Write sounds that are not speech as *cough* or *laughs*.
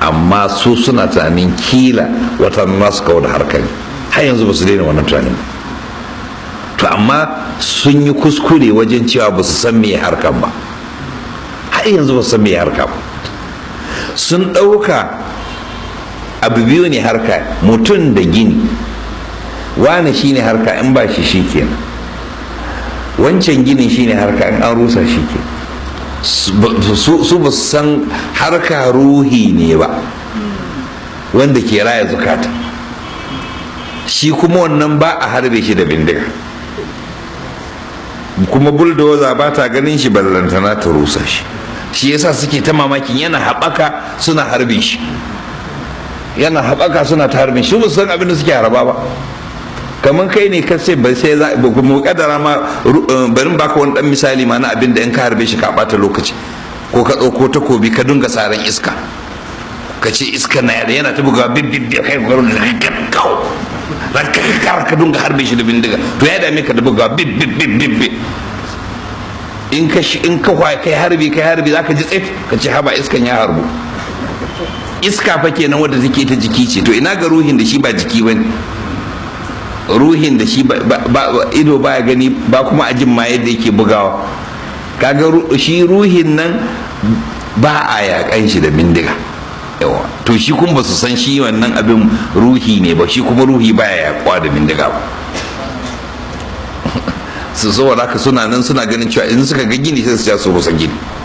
amma su suna tunanin kila wata na su kawo da harkar har yanzu ba su daina wannan tunanin to amma sun yi kuskure wajen cewa ba su san me harkar ba har yanzu ba su san me harkar ba sun ɗauka abu biyu ne harka mutum da gini wane shine harka in ba shi shi kenan wancan ginin shine harka in an rusa shi kenan su ba san harka ruhi ne ba wanda ke raya zukata shi kuma wannan ba a harbe shi da bindiga kuma bulldozer ba ta ganin shi ballantana ta rusa shi shi yasa suke ta mamakin yana haɓaka suna harbin shi yana haɓaka suna ta harbin shi ba san abin da suke haraba ba kamar kai ne ka ce ba sai mu kadara ma eh, barin baka wani dan misali ma na abin da in ka harbe shi ka bata lokaci ko ka ɗauko takobi ka dunga saran iska ka ce iska na yada yana ta buga bibbibbi kai kawo rigaggau rakkakar ka dunga harbe shi da bindiga to ya dame ka da buga bibbibbi in ka in ka kai harbi kai harbi zaka ji tsif ka ce haba iskan ya harbu iska fa kenan wadda take ta jiki ce to ina ga ruhin da shi ba jiki bane ruhin da shi ido baya gani ba kuma a jin ma yadda yake bugawa kaga shi ruhin nan ba a yakan shi da bindiga yawa to shi kuma ba su san shi wannan abin ruhi ne ba shi kuma ruhi baya yakuwa da bindiga ba su *laughs* saboda haka suna nan suna ganin cewa in suka ga gini sai su ja su rusa gini